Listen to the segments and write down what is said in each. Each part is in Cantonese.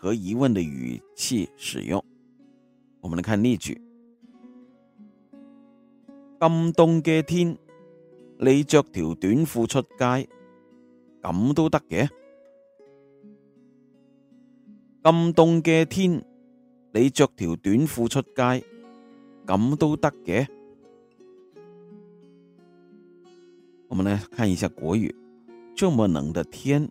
和疑問的語氣使用，我們來看呢句：咁凍嘅天，你着條短褲出街，咁都得嘅？咁凍嘅天，你着條短褲出街，咁都得嘅？我們來看一下國語：這麼冷的天。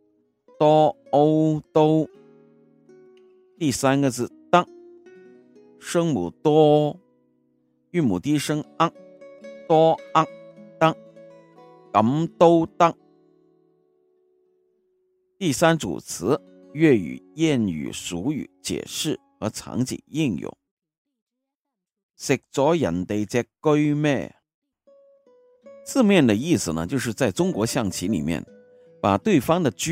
多歐都，第三個字得，聲母多，韻母低聲昂，多昂、嗯、得，咁都得。第三組詞：粵語諺語俗語解釋和場景應用。食咗人哋隻車咩？字面的意思呢，就是在中國象棋裏面，把對方的車。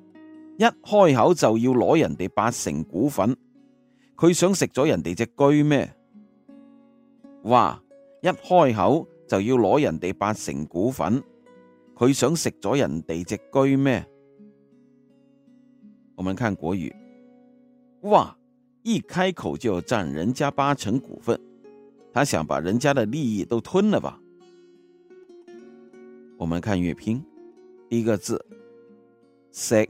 一開口就要攞人哋八成股份，佢想食咗人哋隻車咩？哇！一開口就要攞人哋八成股份，佢想食咗人哋隻車咩？我們看國語，哇！一開口就要佔人家八成股份，他想把人家的利益都吞了吧？我們看粵拼，第、這、一個字食